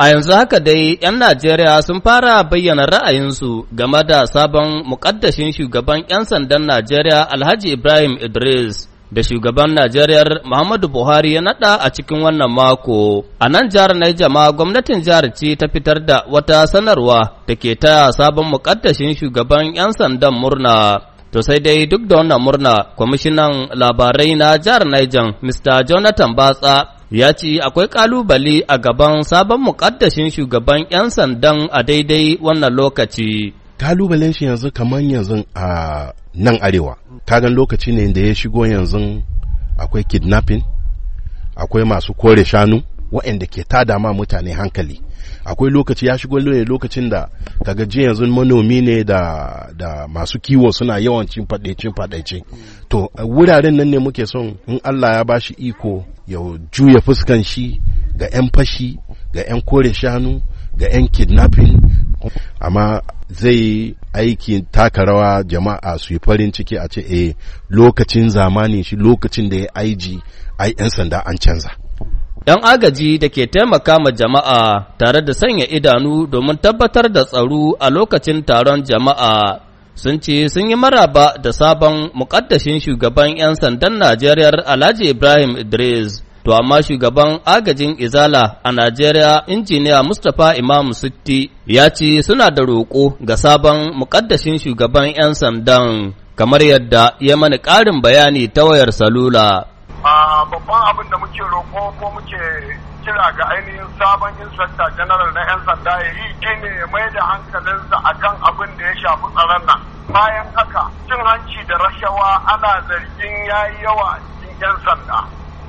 A yanzu haka dai, ‘yan Najeriya sun fara bayyana ra'ayinsu game da sabon muƙaddashin shugaban ‘yan sandan Najeriya Alhaji Ibrahim Idris. da shugaban Najeriya Muhammadu Buhari ya nada a cikin wannan mako. A nan jihar Naijama gwamnatin jihar ce ta fitar da wata sanarwa da ke ta sabon mukaddashin shugaban 'yan sandan murna. To sai dai duk da wannan murna, kwamishinan labarai na jihar Niger, Mr. Jonathan Batsa, ya ce akwai ƙalubale a gaban sabon muƙaddashin shugaban 'yan sandan a daidai wannan lokaci. Ƙalubalen shi yanzu kamar yanzu a nan arewa, kagan lokaci ne da ya shigo yanzu akwai kidnapping, akwai masu kore shanu, waɗanda ke tada ma mutane hankali. Akwai lokaci ya shigo ne lokacin da kaga ji yanzu manomi ne da, da masu kiwo suna yawan cin faɗaice-faɗaice. To wuraren nan ne muke son in Allah ya bashi iko ya juya fuskan shi ga 'yan fashi ga 'yan kore shanu ga 'yan kidnapping amma zai aiki taka rawa jama'a su yi farin ciki a ce eh lokacin zamani shi lokacin da ya aiji ai 'yan sanda an canza 'yan agaji da ke taimaka ma jama'a tare da sanya idanu domin tabbatar da tsaro a lokacin taron jama'a sun ce sun yi maraba da sabon mukaddashin shugaban 'yan sandan Najeriya Alhaji Ibrahim Idris. To amma shugaban agajin Izala a Najeriya injiniya Mustapha Imam Sitti ya ce suna da roƙo ga sabon mukaddashin shugaban 'yan sandan kamar yadda ya mani ƙarin bayani ta wayar salula. babban abin da muke roƙo ko muke kira ga ainihin sabon inspector general na 'yan sanda ya yi shine mai da hankalinsa a kan abin da ya shafi tsaron nan bayan haka cin hanci da rashawa ana zargin ya yi yawa a cikin 'yan sanda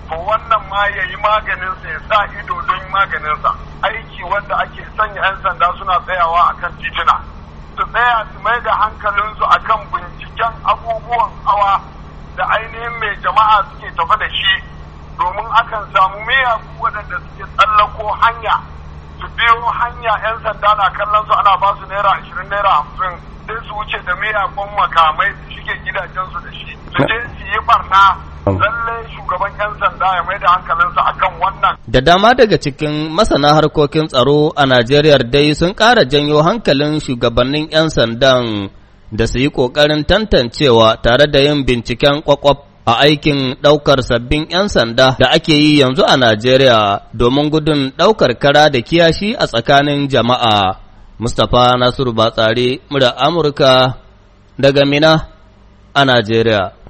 to wannan ma ya yi maganinsa ya sa ido don maganinsa aiki wanda ake sanya 'yan sanda suna tsayawa a kan titina su tsaya su mai da hankalinsu a akan binciken abubuwan hawa da ainihin mai jama'a suke tafa da shi domin akan samu miyagu waɗanda suke tsallako hanya su biyo hanya 'yan sanda na kallon su ana basu su naira ashirin naira hamsin sai su wuce da miyagun makamai su shige gidajensu da shi su je su yi barna lallai shugaban 'yan sanda ya mai da hankalinsa akan wannan. Da dama daga cikin masana harkokin tsaro a Najeriya dai sun ƙara janyo hankalin shugabannin 'yan sandan da su yi ƙoƙarin tantancewa tare da yin binciken ƙwaƙwaf a aikin ɗaukar sabbin 'yan sanda da ake yi yanzu a Najeriya domin gudun ɗaukar kara da kiyashi a tsakanin jama'a. Mustapha Nasiru Batsari, mura Amurka daga Mina a Najeriya.